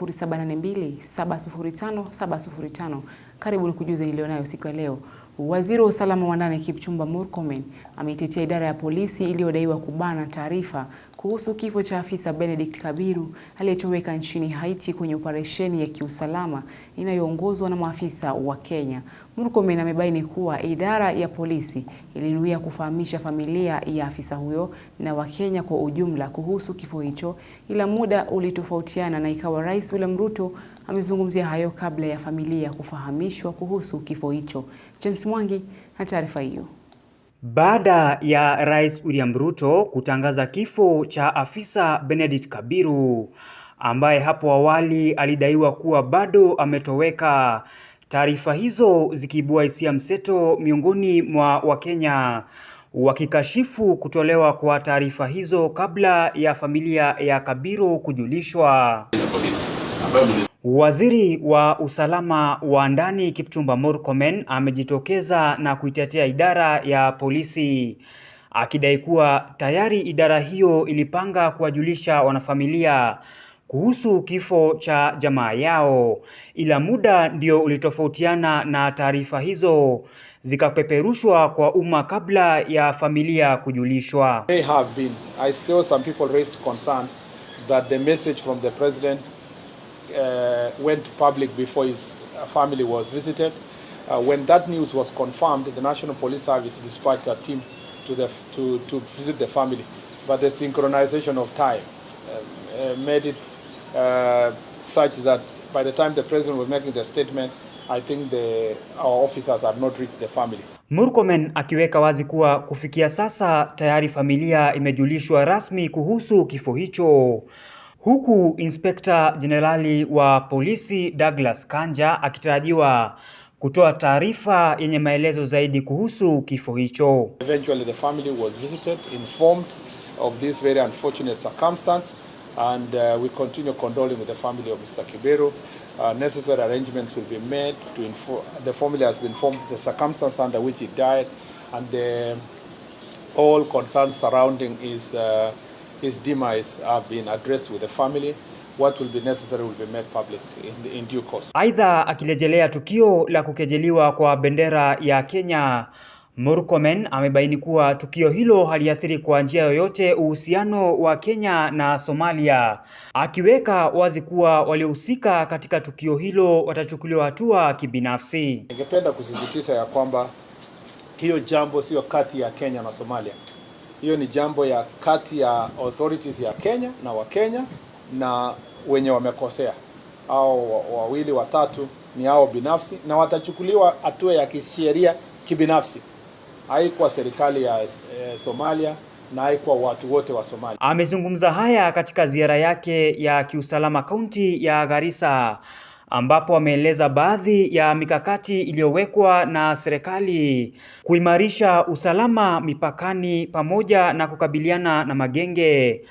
0782 705 Karibu nikujuze nilionayo siku ya leo. Waziri wa usalama wa ndani Kipchumba Murkomen ameitetea idara ya polisi iliyodaiwa kubana taarifa kuhusu kifo cha afisa Benedict Kabiru aliyetoweka nchini Haiti kwenye operesheni ya kiusalama inayoongozwa na maafisa wa Kenya. Murkomen amebaini kuwa idara ya polisi ilinuia kufahamisha familia ya afisa huyo na Wakenya kwa ujumla kuhusu kifo hicho, ila muda ulitofautiana na ikawa Rais William Ruto amezungumzia hayo kabla ya familia kufahamishwa kuhusu kifo hicho. James Mwangi na taarifa hiyo. Baada ya Rais William Ruto kutangaza kifo cha afisa Benedict Kabiru ambaye hapo awali alidaiwa kuwa bado ametoweka, taarifa hizo zikiibua hisia mseto miongoni mwa Wakenya wakikashifu kutolewa kwa taarifa hizo kabla ya familia ya Kabiru kujulishwa. Waziri wa usalama wa ndani Kipchumba Murkomen amejitokeza na kuitetea idara ya polisi akidai kuwa tayari idara hiyo ilipanga kuwajulisha wanafamilia kuhusu kifo cha jamaa yao, ila muda ndio ulitofautiana na taarifa hizo zikapeperushwa kwa umma kabla ya familia kujulishwa. They have been. I saw some people raised concern that the message from the president uh, went public before his family was visited. Uh, when that news was confirmed, the National Police Service dispatched a team to, the, to, to visit the family. But the synchronization of time um, uh, made it uh, such that by the time the president was making the statement, I think the, our officers had not reached the family. Murkomen akiweka wazi kuwa kufikia sasa tayari familia imejulishwa rasmi kuhusu kifo hicho. Huku Inspekta Jenerali wa Polisi Douglas Kanja akitarajiwa kutoa taarifa yenye maelezo zaidi kuhusu kifo hicho. Eventually the family was visited, informed of this very unfortunate circumstance and uh, we continue condoling with the family of Mr. Kibero. Uh, necessary arrangements will be made to inform the family has been informed the circumstance under which he died and the um, all concerns surrounding is uh, his demise have been addressed with the family. What will be necessary will be made public in, in due course. Aidha, akirejelea tukio la kukejeliwa kwa bendera ya Kenya, Murkomen amebaini kuwa tukio hilo haliathiri kwa njia yoyote uhusiano wa Kenya na Somalia, akiweka wazi kuwa waliohusika katika tukio hilo watachukuliwa hatua kibinafsi. Ningependa kusisitiza ya kwamba hiyo jambo sio kati ya Kenya na Somalia. Hiyo ni jambo ya kati ya authorities ya Kenya na Wakenya na wenye wamekosea au wawili watatu ni hao binafsi, na watachukuliwa hatua ya kisheria kibinafsi, haikuwa serikali ya e, Somalia na haikuwa watu wote wa Somalia. Amezungumza haya katika ziara yake ya kiusalama kaunti ya Garissa ambapo ameeleza baadhi ya mikakati iliyowekwa na serikali kuimarisha usalama mipakani pamoja na kukabiliana na magenge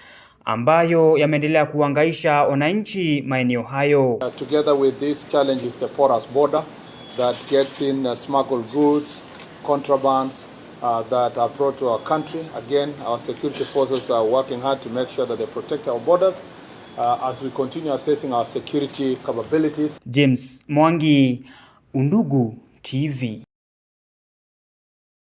ambayo yameendelea kuhangaisha wananchi maeneo hayo. Uh, Together with this challenge is the porous border that gets in uh, smuggled goods, contrabands uh, that are brought to our country. Again, our security forces are working hard to make sure that they protect our borders uh, as we continue assessing our security capabilities. James Mwangi, Undugu TV.